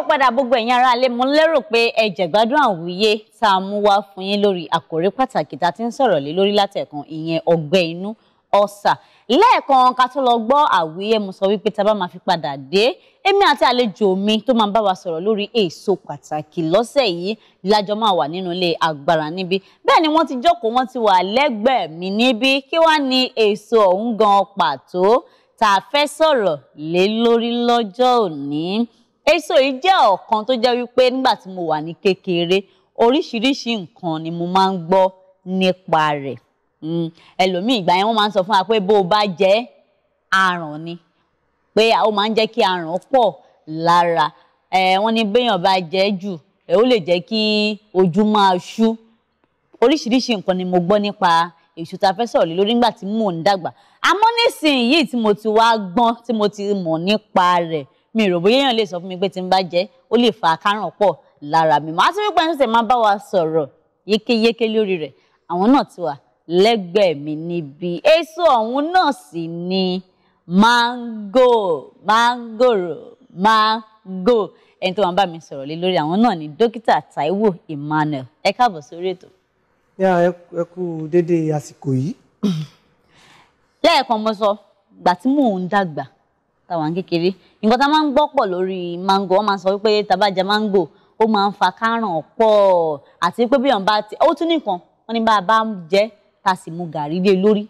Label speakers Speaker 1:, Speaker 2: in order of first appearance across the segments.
Speaker 1: káàbọ̀ padà gbogbo ẹ̀yin ará ilé mo lérò pé ẹ jẹ̀gbádùn àwòyé tá a mú wá fún yín lórí àkòrí pàtàkì tá a ti ń sọ̀rọ̀ lé lórí látẹ̀kan ìyẹn ọgbẹ́ inú ọ̀sà lẹ́ẹ̀kan ká tó lọ gbọ́ àwíyé mo sọ wípé tá a bá máa fi padà dé èmi àti àlejò mi tó máa bá wa sọ̀rọ̀ lórí èso pàtàkì lọ́sẹ̀ yìí lájọ máa wà nínú ilé agbára níbí bẹ́ẹ̀ ni wọ́n ti jókòó wọ́n ti wà lẹ́gbẹ̀ẹ́ mi sọ̀rọ̀ lé lórí lọ́jọ́ òní èso yìí jẹ́ ọ̀kan tó jẹ́ wípé nígbà tí mo wà ní kékeré oríṣiríṣi nǹkan ni mo máa ń gbọ́ nípa rẹ̀ hmm, ẹlòmíì ìgbà yẹn wọ́n máa ń sọ fún wa pé bó o bá jẹ aràn ni pé ó máa ń jẹ́ kí aràn pọ̀ lára wọ́n ní béèyàn bá jẹ jù ó lè jẹ́ kí ojú máa ṣú oríṣiríṣi nǹkan ni mo gbọ́ nípa èso tá a fẹ́ sọ̀rọ̀ lé lórí nígbà tí mò ń dàgbà àmọ́ nísìnyí tí mo ti wá gbọ́n tí mo ti mọ̀ nípa rẹ̀ mi rò bóyá èèyàn lè sọ fún mi pé tí n bá jẹ ó lè fa akáràn pọ̀ lára mi màá tún wípé ẹni máa bá wa sọ̀rọ̀ yékéyéké lórí rẹ̀ àwọn náà ti wà lẹ́gbẹ̀ẹ́ mi níbi èso ọ̀hún náà sì ni mango mangoro mango ẹni tó máa bá mi sọ̀rọ̀ lé lórí àwọn náà ni dókítà Táíwò Emmanuel ẹ káàbọ̀ sórí ètò.
Speaker 2: yá ẹ kú déédéé àsìkò yìí.
Speaker 1: lẹ́ẹ̀kan mo sọ ìgbà tí mò ń dàgbà táwa kékeré nǹkan tá a máa ń gbọ́ pọ̀ lórí mango wọ́n máa sọ wípé tabajà mango ó máa ń fa káràn pọ̀ àti pé bíyàn bá ti ó tún nìkan wọ́n ní bá a bá jẹ́ tá a sì mu gàrí lé lórí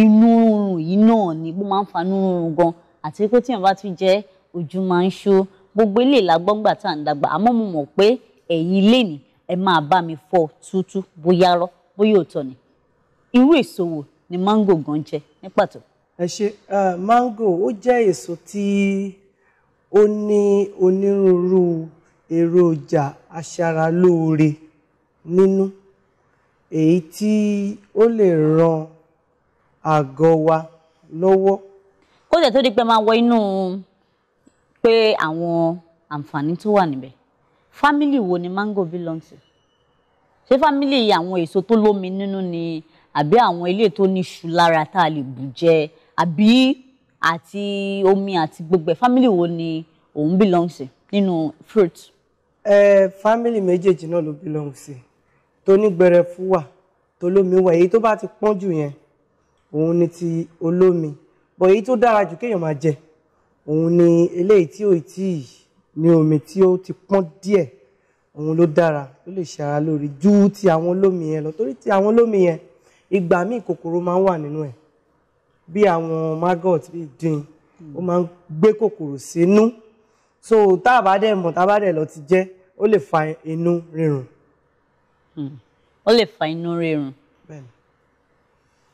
Speaker 1: inú rúrun yìí náà ni bó máa ń fa inú rúrun gan àti pé tíyàn bá tún jẹ́ ojú máa ń ṣó gbogbo ilé ìlágbọ́ngbà tá à ń dàgbà àmọ́ mo mọ̀ pé ẹ̀yin ilé ni ẹ máa bá mi fọ tútú
Speaker 2: bóyá rọ́ bóyá òótọ́ ni irú èso
Speaker 1: ni mango gan jẹ ní pàtó
Speaker 2: ẹ ṣe mango ó jẹ́ èso tí ó ní onírúurú èròjà aṣaralóore nínú èyí tí ó lè ran àgọ́ wa lọ́wọ́.
Speaker 1: kó tẹ̀ tó di pé máa wọ inú pé àwọn àǹfààní tó wà níbẹ̀ fámìlì wo ni mango belong to ṣé fámìlì àwọn èso tó lómi nínú ni àbí àwọn ilé tó ní ṣù lára tá a lè bù jẹ àbí àti omi àti gbogbo ẹ̀ family wo ni òun belong sí
Speaker 2: nínú fruit. ẹ family méjèèjì náà ló belong sí tó ní gbẹrẹfu wà tó lómi wà èyí tó bá ti pọ́n jù yẹn òun ni ti olómi bọ̀ èyí tó dára jù kéèyàn máa jẹ òun ni eléyìí tí ò tí ì ní omi tí ó ti pọ́n díẹ̀ òun ló dára ló lè ṣe ara lórí ju ti àwọn olómi yẹn lọ torí ti àwọn olómi yẹn ìgbà míì kòkòrò máa ń wà nínú ẹ̀ bí àwọn maggot bí dín ó máa ń gbé kòkòrò sínú so tá a bá dẹ̀ mọ̀ tá a bá dẹ̀ lọ ti jẹ ó lè fa inú rírun. Hmm. ó
Speaker 1: lè fa inú rírun.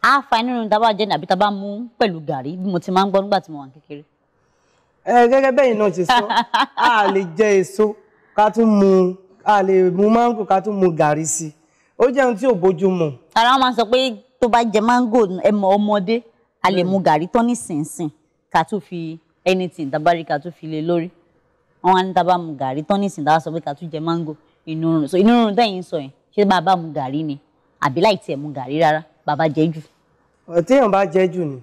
Speaker 1: a fa inú rírun tá a bá jẹ àbí tá a bá mú pẹ̀lú gàrí bí mo ti máa ń gbọ́ nígbà tí mo wà kékeré.
Speaker 2: ẹ gẹ́gẹ́ bẹ́yìn náà ti sọ a lè jẹ èso ká tún mu a lè mu máńgò ká tún mu gàrí sí i ó jẹun tí ò bójú mu.
Speaker 1: ara wọn máa sọ pé tó bá jẹ máńgò ẹ ọmọdé a lè mu hmm. gàrí tán nísinsìn ká tún fi anything dábàrí ká tún fi lé lórí wọn á ní tá a bá mu gàrí tán nísinsìn tá sọ pé ká tún jẹ mango inú rùn so inú rùn tẹ̀yìn sọ yẹn ṣé bá a bá mu gàrí ni
Speaker 2: àbí láì tiẹ̀ mu gàrí rárá bàbá jẹ́ jù. téèyàn bá jẹ́ jù ni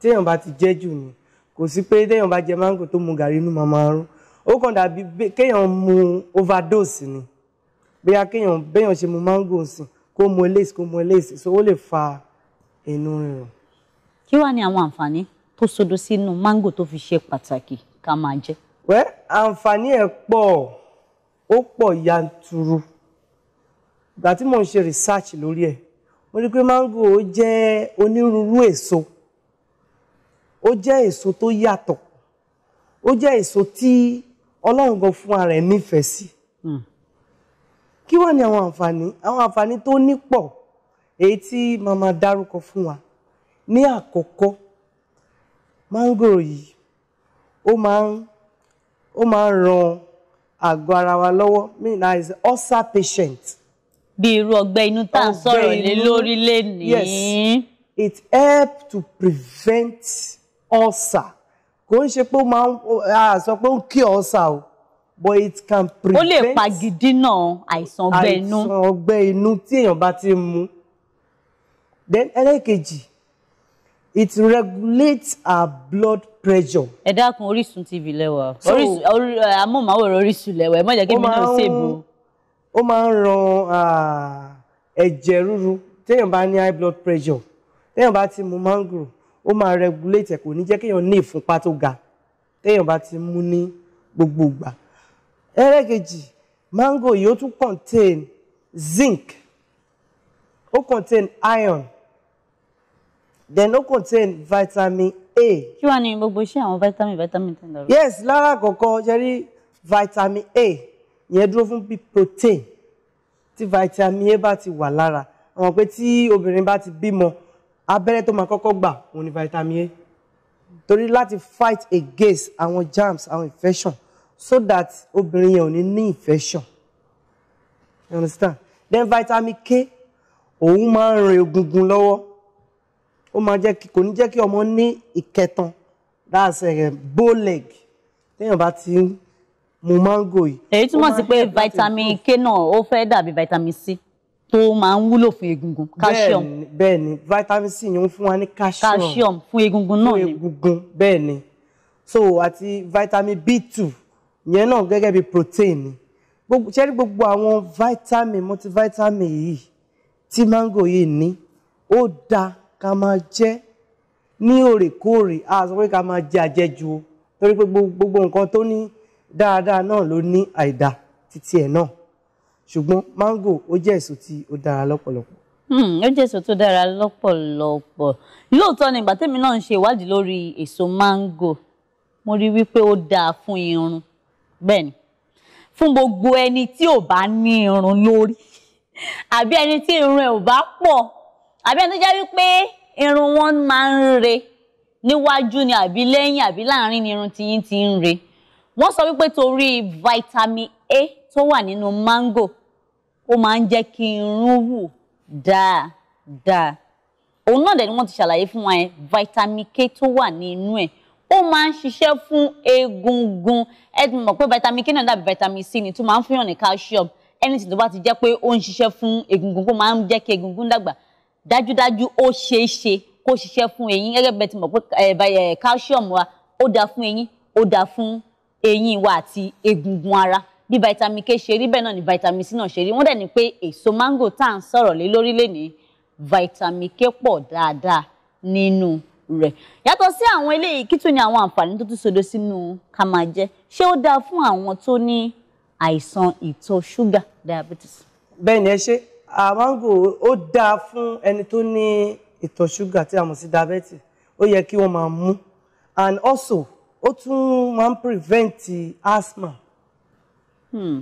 Speaker 2: téèyàn bá ti jẹ́ jù ni kò sí pé téèyàn bá jẹ mango tó mu gàrí inú màmá rún ó kàn dàbí kéèyàn mu overdose ni bóyá kéèyàn béèyàn ṣe mu mango sìn kó mu eléyìí kó mu eléyìí so ó lè fa inú rírun
Speaker 1: kí wàá ní àwọn àǹfààní tó sodo sínú máńgò tó fi ṣe pàtàkì ká máa jẹ. wẹ́ àǹfààní
Speaker 2: ẹ̀ pọ̀ ó pọ̀ yanturu ìgbà tí mò ń ṣe research lórí ẹ̀ mo rí i pé máńgò ó jẹ́ onírúurú èso ó jẹ́ èso tó yàtọ̀ ó jẹ́ èso tí ọlọ́run gan fún ara ẹ̀ nífẹ̀ẹ́ sí hmm. kí wàá ní àwọn àǹfààní àwọn àǹfààní tó ní pọ̀ èyí tí màmá dárúkọ fún wa ní àkọ́kọ́ máńgòrò yìí ó máa ń ó máa ń ran àgọ́ ara wa lọ́wọ́ mean as ulcer patient. bí irú ọgbẹ́ inú tá à ń sọ̀rọ̀ lé lórí lénìí. yes it help to prevent ulcer kò ń ṣe pé ó máa ń sọ pé ó ń kí ulcer o but it can prevent. ó lè
Speaker 1: pagidínà àìsàn ọgbẹ́ inú. àìsàn
Speaker 2: ọgbẹ́ inú tí èèyàn bá ti mú. then ẹlẹ́kejì it regulates our blood pressure.
Speaker 1: ẹ dákun Orísun TV lẹwà amóhùnmáwòrán Orísun lẹwà ẹ má jẹ́ kí mi náà ṣèbù.
Speaker 2: ó máa ń ran ẹ̀jẹ̀ ríru téèyàn bá ní high blood pressure téèyàn bá ti mu mango ó máa regulate ẹ̀ kò ní jẹ́ kéèyàn ní ìfúnpá tó ga téèyàn bá ti mu ní gbogbo ìgbà. ẹlẹ́kejì mango yìí ó tún contain zinc ó contain iron They no contain vitamin A.
Speaker 1: kí wàá ní gbogbo iṣẹ́ àwọn vitamin vitamin ten lọ.
Speaker 2: yes lára àkọ́kọ́ ṣe vitamin A yẹn dúró fún bí protein tí vitamin A bá ti wà lára àwọn pé tí obìnrin bá ti bímọ abẹ́rẹ́ tó máa kọ́kọ́ gbà òun ni vitamin A torí láti fight against àwọn germs àwọn infection so that obìnrin yẹn ò ní ní infection you understand then vitamin K òun máa ń ran egungun lọ́wọ́ ó máa jẹ́ kò ní jẹ́ kí ọmọ ní ìkẹtàn that's uh, bow leg téèyàn bá ti ń mu mango yìí. èyí túmọ̀ sí pé
Speaker 1: vitamin k náà ó fẹ́ dàbí vitamin c tó máa
Speaker 2: ń wúlò fún egungun calcium. bẹ́ẹ̀ni vitamin c ni ó ń fún wa ní calcium calcium fún egungun náà ni fún egungun bẹ́ẹ̀ni so àti vitamin b two yẹn náà gẹ́gẹ́ bí protein ni gbogbo ṣẹ́rí gbogbo àwọn vitamin multivitamin yìí tí mango yìí ní ó dáa ká máa jẹ ní òrèkóòrè a sọ pé ká máa jẹ àjẹjù o torí pé gbogbo nǹkan tó ní dáadáa náà ló ní àìdá títí ẹ̀ náà ṣùgbọ́n máńgò ó jẹ́ èso tí ó dára lọ́pọ̀lọpọ̀.
Speaker 1: Hmm, ó jẹ́ èso tó dára lọ́pọ̀lọpọ̀ lóòótọ́ ni ìgbà tẹ́mi náà ń ṣe ìwádìí lórí èso máńgò mo rí wípé ó dáa fún irun bẹ́ẹ̀ ni fún gbogbo ẹni tí ò bá ní irun lórí àbí ẹni tí irun ẹ̀ ò bá pọ̀ àbí ẹni tó jẹ́ wípé irun wọn máa ń re níwájú ni àbí lẹ́yìn àbí láàrin ni irun tiyín ti ń re wọ́n sọ wípé torí vitamin A tó wà nínú mango ó máa ń jẹ́ kí irun wù dáadáa òun náà dẹ̀ ni wọ́n ti ṣàlàyé fún wa yẹn vitamin K tó wà nínú ẹ̀ ó máa ń ṣiṣẹ́ fún egungun ẹ ti mọ̀ pé vitamin K náà dàbí vitamin C ni tó máa ń fihàn ní calcium anything tó bá ti jẹ́ pé ó ń ṣiṣẹ́ fún egungun kó máa ń jẹ́ kí egungun dàgbà dájúdájú ó ṣeé ṣe kó ṣiṣẹ́ fún eyín gẹ́gẹ́ bẹ́ẹ̀ ti mọ̀ pé eh, eh, calcium wa ó dáa fún eyín ó dáa fún eyín wa àti egungun ara bí vitamin K ṣe rí bẹ́ẹ̀ náà ni vitamin C náà ṣe rí wọ́n dẹ̀ ní pé èso mango tá à ń sọ̀rọ̀ lé lórí lénìí vitamin K pọ̀ dáadáa nínú rẹ̀ yàtọ̀ sí àwọn eléyìí kí tún ni àwọn àǹfààní tó tún sodo sínú ká máa jẹ ṣé ó dáa fún àwọn tó
Speaker 2: ní àìsàn ìtọ̀ ṣúgà diabetes. bẹ́ẹ̀ ẹ ṣe Ah, mango ó dáa fún ẹni tó ní ìtọ̀ ṣúgà tí a mọ̀ sí diabetes ó yẹ kí wọ́n máa mú and also ó tún máa ń prevent asthma hmm.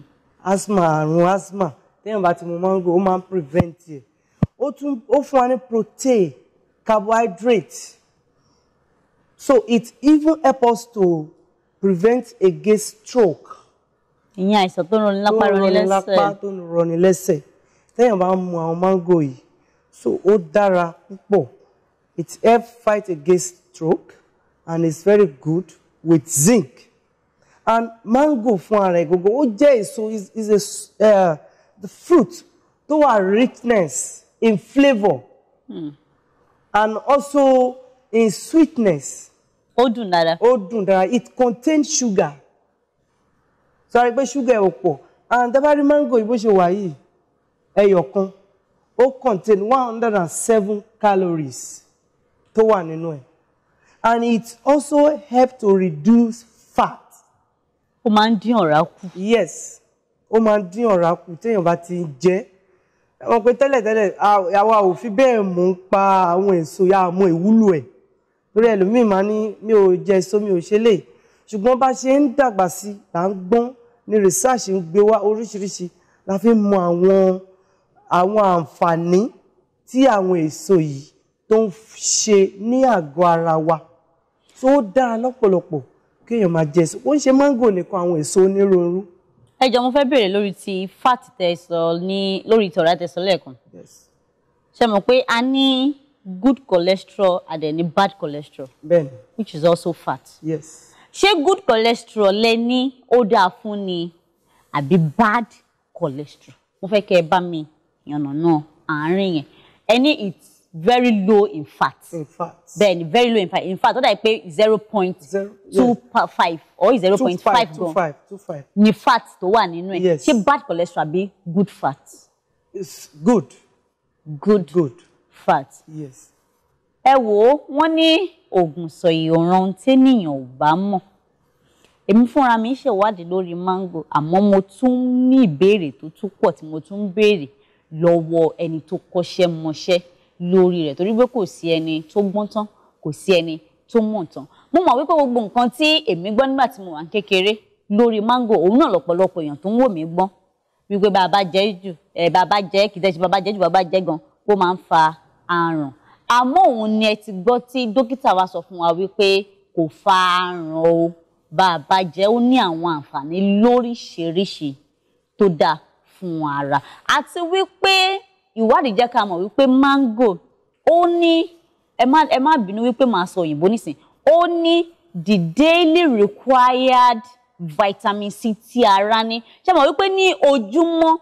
Speaker 2: asthma àrùn asthma téèyàn bá ti mu mango ó máa ń prevent ẹ̀ ó tún ó fún wa ní protein carbohydrate so it even help us to prevent against stroke. ìyẹn àìsàn tó ń roni lápá roni lẹ́sẹ̀ tó ń roni lápá tó ń roni lẹ́sẹ̀ téèyàn bá ń mu àwọn mango yìí so ó dára púpọ̀ it help fight against stroke and it's very good with zinc and mango fún ara ẹ̀ gbogbo ó jẹ́ èso is is a uh, the fruit tó wà richness in flavour hmm. and also in sweetness. ó dùn dára. ó dùn dára it contains sugar. sọ so, àrẹ pé sugar ò pọ̀ and dábàá rí mango yìí bó ṣe wà yìí ẹyọ kan ó contain one hundred and seven calories tó wà nínú ẹ̀ and it also help to reduce fat. ó máa ń dín ọ̀rá kù. yes ó máa ń dín ọ̀rá kù téèyàn bá ti ń jẹ ẹ mọ̀ pé tẹ́lẹ̀tẹ́lẹ̀ àwa ò fi bẹ́ẹ̀ mú un pa àwọn èso ya àmọ́ ìwúlò ẹ̀ lórí ẹlòmíì máa ní mi ò jẹ èso mi ò ṣe lè ṣùgbọ́n bá ṣe ń dàgbà sí là ń gbọ́n ni research ń gbé wá oríṣiríṣi la fi mọ àwọn àwọn àǹfààní tí àwọn èso yìí tó ń ṣe ní àgọ́ ara wa tó dáa lọ́pọ̀lọpọ̀ kéèyàn máa jẹ èso wọ́n ń ṣe máńgò nìkan àwọn èso onírúurú.
Speaker 1: ẹ jọ mo fẹ́ bèrè lórí ti fat tẹsọ ní lórí ìtọrẹ tẹsọ lẹ́ẹ̀kan ṣe mọ̀ pé a ní good cholesterol and then bad cholesterol bẹ́ẹ̀ni which is also fat. yes. ṣé good cholesterol lẹ ní ó dáa fún ni àbí bad cholesterol mo fẹ́ kẹ́ ẹ bá mi yànnàná àárín yẹn ẹni it's very low in fat. in fat then very low in fat in fact ó dàbí pé zero point two five or zero point five gan ni fat tó wà nínú ẹ̀ ṣé bad cholesterol be
Speaker 2: good fat. it's good. good good fat. yes.
Speaker 1: ẹ wo wọ́n ní oògùn sọ̀yì ọ̀ràn tẹ́nìyàn ò bá mọ̀ èmi fúnra mi ṣèwádìí lórí mango àmọ́ mo tún ní ìbéèrè tó tún pọ̀ tí mo tún ń béèrè lọ́wọ́ ẹni tó kọ́ṣẹ́ mọṣẹ́ lórí rẹ̀ torí pé kò sí ẹni tó gbọ́n tán kò sí ẹni tó mọ̀ tán mo mọ̀ wípé gbogbo nǹkan tí èmi gbọ́ nígbà tí mo wà ń kékeré lórí máńgò òun náà lọ́pọ̀lọpọ̀ èèyàn tó ń wò mí gbọ́n wípé bàbá jẹ́ jù ẹ̀ bàbá jẹ́ kìtẹ́ ṣe bàbá jẹ́ jù bàbá jẹ́ gan ó máa ń fa àrùn àmọ́ òun ni ẹ ti gbọ́ tí dókítà wa sọ fún wa wípé kò fa àrùn o bàbá jẹ́ ó ní àwọn àǹfààní lóríṣiríṣi tó dáa fún ara àti wípé ìwádìí jẹ́ ká mọ̀ wípé mango ó ní ẹ má ẹ má bínú wípé màá sọ òyìnbó nísìn ó ní the daily required vitamin C tí ara ní ṣe mọ̀ wípé ní ojúmọ́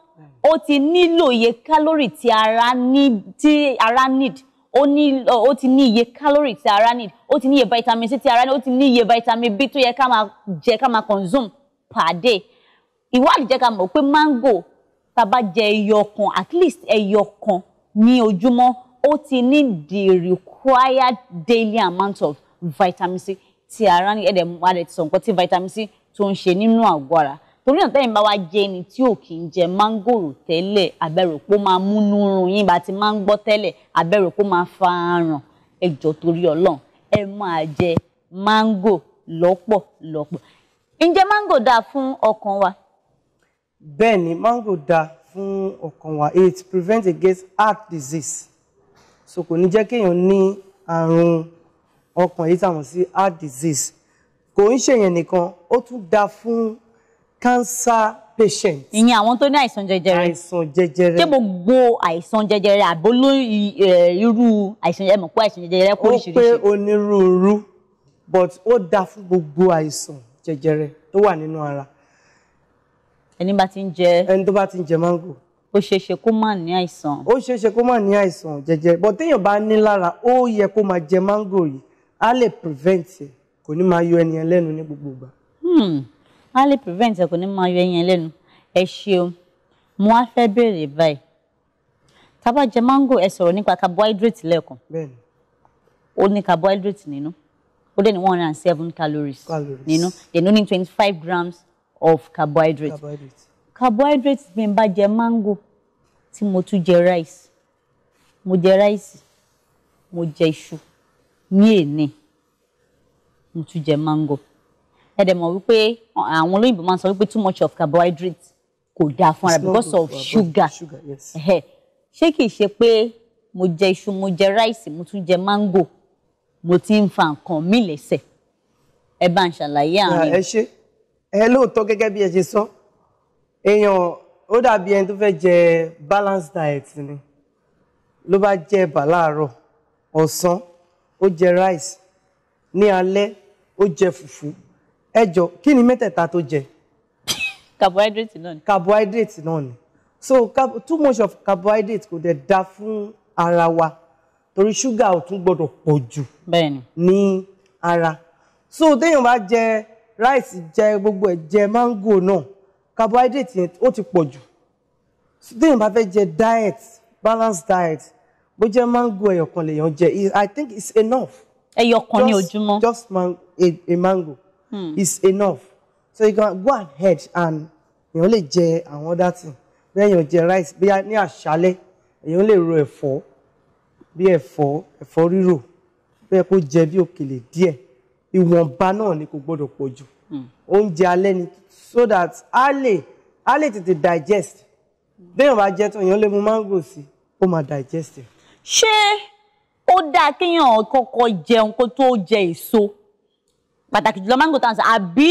Speaker 1: ó ti nílò iye kálórì tí ara ní tí ara need ó ní ó ti ní iye calorie tí ara need ó ti ní iye vitamin C tí ara need ó ti ní iye vitamin B tó yẹ ká máa jẹ ká máa consume per day ìwádìí jẹ́ ká mọ̀ pé mango tá a bá jẹ ẹyọ kan at least ẹyọ kan ní ojúmọ́ ó ti ní the required daily amount of vitamin C tí ara ní ẹ̀dẹ̀ mú adẹ̀ ti sọ nǹkan tí vitamin C tó ń ṣe nínú àgọ́ ara torí náà tẹ́yìn bá wá jẹ́ ẹni tí ò kì í jẹ mángòrò tẹ́lẹ̀ abẹ́rò pé máa múnú run yín bá ti máa ń gbọ́ tẹ́lẹ̀ abẹ́rò máa fa aràn ẹjọ́ torí ọlọ́run ẹ máa jẹ mángò lọ́pọ̀lọpọ̀ ǹjẹ́ mángò dáa fún ọkàn wa
Speaker 2: bẹ́ẹ̀ mango da fún ọkàn wa it prevent against heart disease so kò ní jẹ́ kéèyàn ní àrùn ọkàn yìí tàwọn sí heart disease kò ń ṣèyàn nìkan ó tún da fún cancer patient.
Speaker 1: ìyẹn àwọn tó ní àìsàn jẹjẹrẹ. àìsàn jẹjẹrẹ. ṣé gbogbo àìsàn jẹjẹrẹ
Speaker 2: àbóló irú àìsàn jẹjẹrẹ mọ̀ pé àìsàn jẹjẹrẹ kó oríṣiríṣi. ó pé onírúurú but ó da fún gbogbo àìsàn jẹjẹrẹ tó wà nínú ara ẹni bá ti ń jẹ ẹni tó bá ti ń jẹ mango ó ṣeé ṣe kó má ní àìsàn ó ṣeé ṣe kó má ní àìsàn jẹjẹ bọ téèyàn bá ní lára ó yẹ kó máa jẹ mango yìí á lè prevent ẹ kò ní máa yọ ẹnìyẹn lẹ́nu ní gbogbo ìgbà.
Speaker 1: á hmm. lè prevent ẹ kò ní máa yọ ẹnìyẹn lẹ́nu ẹ ṣeun mo á fẹ́ béèrè báyìí tá a bá jẹ mango ẹ sọ̀rọ̀ nípa carbohydrate lẹ́ẹ̀kan ó ní carbohydrate nínú ó dẹ̀ ní one hundred and seven calories nínú dẹ̀ ní ní twenty five grams of carbohydrate carbohydrate, carbohydrate mi bá jẹ mango tí mo tún jẹ rice mo jẹ rice mo jẹ iṣu ní èní mo tún jẹ mango ẹ dẹ̀ mọ̀ wípé àwọn olóyìnbó máa ń sọ wípé too much of carbohydrate kò dáa fún ara because of sugar ṣé kìí ṣe pé mo jẹ iṣu mo jẹ rice mo tún jẹ mango mo ti ń fa nǹkan mi lẹ́sẹ̀ ẹ bá ń ṣàlàyé àárín.
Speaker 2: ẹ ẹ lóòótọ́ gẹ́gẹ́ bí ẹ ṣe sọ èèyàn ó dàbí ẹni tó fẹ́ jẹ balanced diet ni ló bá jẹ ẹ̀bà láàárọ̀ ọ̀sán ó jẹ rice ní alẹ́ ó jẹ fùfú ẹ jọ kí ni mẹ́tẹ̀ẹ̀ta tó jẹ. carbohydrate náà ni. carbohydrate náà ni so too much of carbohydrate kò dẹ̀ da fún ara wa torí ṣúgà ò tún gbọ́dọ̀ pọ̀ jù ní ara so téèyàn bá jẹ ráìsì jẹ gbogbo ẹ̀ jẹ máńgò náà carbohydrate yẹn ó ti pọ̀ jù tíyẹn bá fẹ́ jẹ diet balanced diet bó jẹ mango ẹyọkan lèèyàn jẹ i think it's enough. ẹyọkan ní ojúmọ́ just just man, a, a mango hmm. is enough so you can go ahead and èèyàn lè jẹ àwọn other thing bẹ́ẹ̀ èèyàn jẹ rice bí ní àṣálẹ́ èèyàn lè ro ẹ̀fọ́ bí ẹ̀fọ́ ẹ̀fọ́ rírò bẹ́ẹ̀ kó jẹ bí òkèlè díẹ̀ ìwọ̀nba náà ni kò gbọ́dọ̀ pọ̀ jù hmm. oúnjẹ alẹ́ ni so that a lè a lè tètè digest béèyàn bá jẹ tán èèyàn lè mu mango sí ó máa digest. ṣé ó dáa kéèyàn kọ́kọ́ jẹun kó tó jẹ èso
Speaker 1: pàtàkì jùlọ mango tán àbí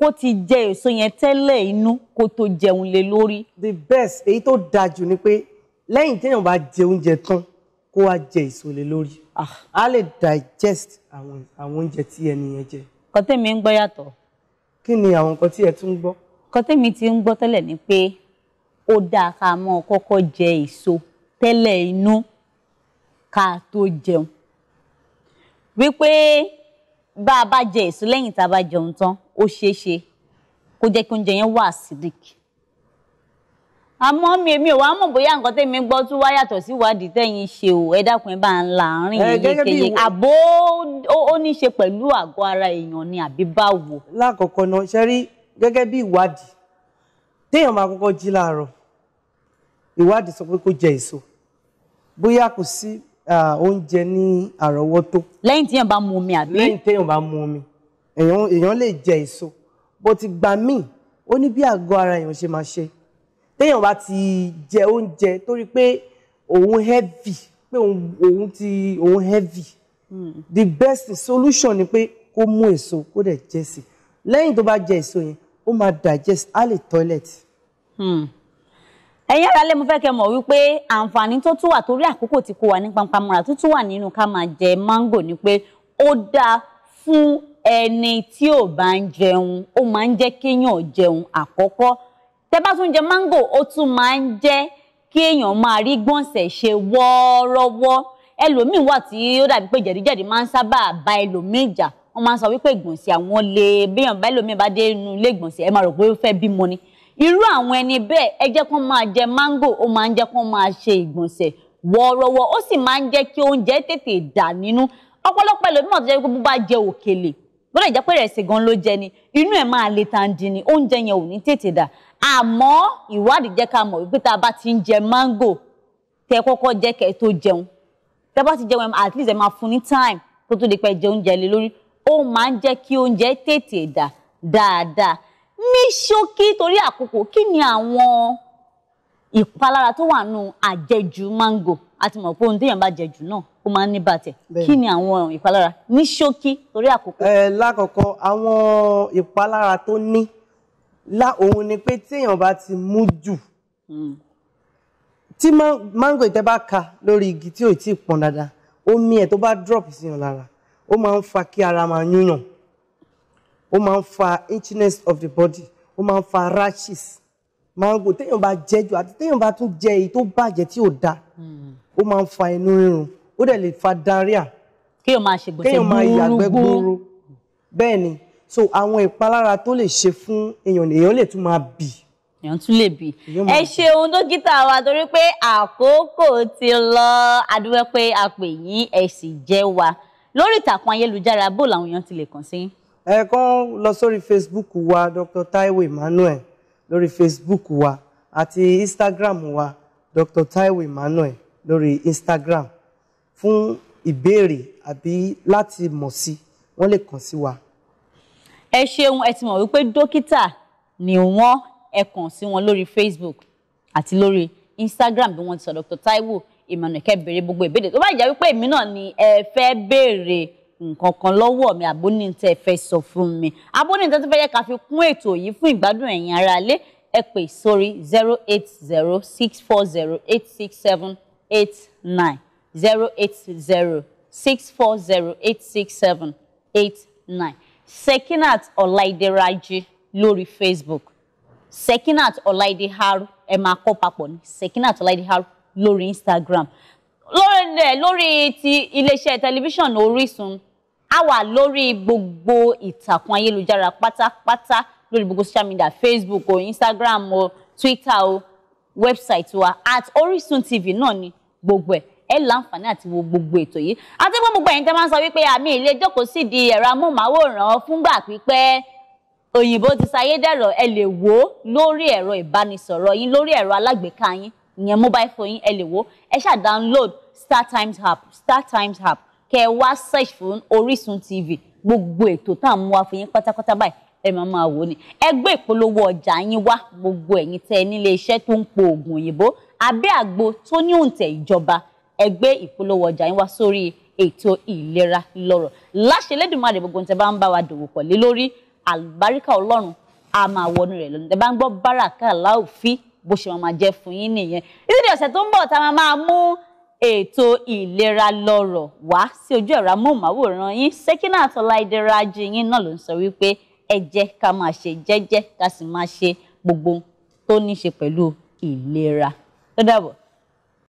Speaker 1: kó ti jẹ èso yẹn tẹ́lẹ̀ inú
Speaker 2: kó tó jẹun lé lórí. the best èyí tó dáa jù ni pé lẹ́yìn téèyàn bá jẹ oúnjẹ tán kó wá jẹ èso lé lórí. Ah. a lè digest àwọn àwọn oúnjẹ tí ẹni yẹn jẹ. nǹkan tẹ́mi ń gbọ́ yàtọ̀. kí ni àwọn nǹkan tí ẹ tún ń gbọ́. nǹkan
Speaker 1: tẹ́mi ti ń gbọ́ tẹ́lẹ̀ ni pé ó dáa ká mọ́ kọ́kọ́ jẹ èso tẹ́lẹ̀ inú ká tó jẹun wípé bá a bá jẹ èso lẹ́yìn tá a bá jẹun tán ó ṣeé ṣe kó jẹ́ kí oúnjẹ yẹn wà acidic àmọ́ mi èmi ò wá mọ̀ bóyá nǹkan tẹ́mi gbọ́ tún wá yàtọ̀ sí ìwádìí tẹ́yìn ṣe o ẹ dákun ẹ bá ń la àárín yékéyé àbó ó ní í ṣe
Speaker 2: pẹ̀lú àgọ́ ara èèyàn ni àbí báwo. lákọ̀ọ́kọ́ náà ṣe rí gẹ́gẹ́ bí ìwádìí téèyàn máa kọ́kọ́ jí láàárọ̀ ìwádìí sọ pé kó jẹ èso bóyá kò sí oúnjẹ ní àrọ́wọ́tó. lẹ́yìn téèyàn bá mu omi àbí. lẹ́yìn téèyàn bá mu omi èèyàn lè jẹ èso bó ti gbà míì ó ní bí àgọ́ ara èèyàn ṣe máa ṣe téèyàn bá ti jẹ oúnjẹ torí pé òun heavy pé òun ti òun heavy the best solution ni pé kó mú èso kó dẹ̀ jẹ sí lẹ́yìn tó bá jẹ èso yẹn ó máa digest á lè toilet. Hmm
Speaker 1: ẹ̀yin ará lé mo fẹ́ kẹ́ mọ̀ wípé àǹfààní tó tún wà torí àkókò tí kò wà ní pampamọ́ra tó tún wà nínú ká máa jẹ máńgò ni pé ó dáa fún ẹni tí ò bá ń jẹun ó máa ń jẹ́ kéèyàn jẹun àkọ́kọ́ tẹ́ bá tún jẹ mango ó tún máa ń jẹ́ kí èèyàn máa rí gbọ̀nsẹ̀ ṣe wọ́ọ́rọ́wọ́ ẹlòmíín wà tí ó dàbí pé jẹ̀díjẹ̀dí máa ń sábà bá ẹlòmíín jà wọ́n máa ń sọ wípé ìgbọ̀nsẹ̀ àwọn lè béèyàn bá ẹlòmíín bá dé inú ilé ìgbọ̀nsẹ̀ ẹ máa rò pé ó fẹ́ bímọ ni irú àwọn ẹni bẹ́ẹ̀ ẹ jẹ́ kó máa jẹ mango ó máa ń jẹ́ kó máa ṣe ìgbọ̀nsẹ̀ wọ́ọ́rọ́wọ́ ó sì máa ń jẹ́ kí oúnjẹ tètè dà nínú ọ̀pọ̀lọpọ̀ ẹlòmíràn tó jẹ́ bá jẹ òkèlè bó lè jẹ́ gan ló jẹ ni inú ẹ̀ máa le tàǹdì oúnjẹ yẹn ò ní tètè dà àmọ́ ìwádìí jẹ́ ká mọ̀ wípé tá a bá ti ń jẹ mango tẹ kọ́kọ́ jẹ́ kẹ́ tó jẹun tẹ bá ti jẹun at least ẹ máa fún ní time tó tó lè pẹ́ jẹ oúnjẹ lé lórí ó máa ń jẹ́ kí oúnjẹ tètè dà dáadáa ní ṣókí torí àkókò kí ni àwọn ìpalára tó wà nù àjẹjù mango àti mọ̀ pé ohun téèyàn bá jẹjù náà ó máa ń ní bàtẹ̀ kí ni àwọn ìpalára
Speaker 2: ní ṣókí torí àkókò. ẹ eh, lákọ̀ọ́kọ́ àwọn ìpalára tó ní. La òun ni pé téèyàn bá ti mú jù hmm. tí mango ìtẹ́ bá ka lórí igi tí ò tí ì pọn dáadáa omi ẹ̀ tó bá drop sí yàn lára ó máa ń fa kí ara máa yúnyàn ó máa ń fa itchiness of the body ó máa ń fa rashes mango téèyàn bá jẹ jù àti téèyàn bá tún jẹ èyí tó bàjẹ́ tí ò da ó máa ń fa inú rírun ó dẹ̀ lè fa diarrhea
Speaker 1: kéèyàn máa ṣègbọ̀nsẹ̀ gbúrú gbúrú
Speaker 2: bẹ́ẹ̀ ni so àwọn ìpalára tó lè ṣe fún èèyàn èèyàn lè tún máa bì. èèyàn tún lè bì. ẹ
Speaker 1: ṣeun dókítà wa torí pé àkókò ti lọ adúpẹ́ pé a pè yín ẹ sì jẹ́ wa lórí ìtàkùn ayélujára bó làwọn èèyàn ti lè kàn sí.
Speaker 2: ẹ kàn lọ sórí facebook wa dr taiwo emmanuel lórí facebook wa àti instagram wa dr taiwo emmanuel lórí instagram fún ìbéèrè àbí láti mọ̀ sí wọ́n lè kàn sí wa
Speaker 1: ẹ ṣeun ẹ ti mọ̀ wípé dókítà ni wọ́n ẹ kàn sí wọn lórí Facebook àti lórí Instagram bí wọ́n ti sọ Dr. Taiwo Emmanuel kẹ́ béèrè gbogbo ìbéèrè tó bá jẹ́ wípé èmi náà ni ẹ fẹ́ béèrè nǹkan kan lọ́wọ́ mi àbóní tẹ́ ẹ fẹ́ sọ fún mi àbóní tẹ́ tó fẹ́ yẹ ká fi kún ètò yìí fún ìgbádùn ẹ̀yin ará ilé ẹ pè sórí zero eight zero six four zero eight six seven eight nine zero eight zero six four zero eight six seven eight nine. Sekinat Ọláìdé Rájí lórí Facebook Sekinat Ọláìdé Haru ẹ máa kọ papọ̀ ní Sekinat Ọláìdé Haru lórí Instagram lórí ẹ eh, lórí ti iléeṣẹ́ tẹlifíṣàn Orísun a wà lórí gbogbo ìtàkùn ayélujára pátápátá lórí gbogbo social media Facebook o Instagram o Twitter o website wa at Orísun TV náà ni gbogbo ẹ̀ ẹ láǹfààní àti wo gbogbo ètò yìí àti pé gbogbo ẹ̀yin tẹ́ máa ń sọ wípé àmì ilé jókòó sí di ẹ̀rọ amóhùnmáwòrán fúngbà pípẹ́ òyìnbó ti ṣayédẹ̀rọ̀ ẹ lè wò ó lórí ẹ̀rọ ìbánisọ̀rọ̀ yín lórí ẹ̀rọ alágbèéká yín ìyẹn mobile phone yín ẹ lè wò ó ẹ ṣáà download StarTimes app StarTimes app kẹ́ ẹ wá search fún Orísun TV gbogbo ètò tá à ń mú wá fún yín pátápátá báyìí ẹ máa máa wò ni ẹgbẹ́ ìpolówó ọjà yín wá gbogbo ẹ̀yin tẹ́ nílé iṣẹ́ tó ń po oògùn òyìnbó àbí àgbo tó ní òǹtẹ̀ ìjọba ẹ gbé ìpolówó ọjà yín wá sórí ètò ìlera lọ́rọ̀ láṣẹ lẹ́dùnmáàdì gbogbo tẹ́ bá ń bá wa dòwò pọ̀ lé lórí àlùbáríkà ọlọ́run a máa wọnú rẹ̀ lọ́nà tẹ́ bá ń gbọ́ báràkà láòfin bó ṣe máa jẹ́ fún yín nìyẹn títí di ọ̀sẹ̀ tó ń bọ̀ tá a máa mú ètò ìlera lọ́rọ̀ wá sí ojú ẹ̀rọ amóhùnmáwòrán yín Sekinat Ọláìdẹ́rẹ́ájì yín náà ló ń sọ wípé ẹ jẹ́ ká máa ṣe jẹ́jẹ́ ká sì máa ṣe gbogbo tó ní ṣe pẹ̀lú ìlera tó dàbọ̀.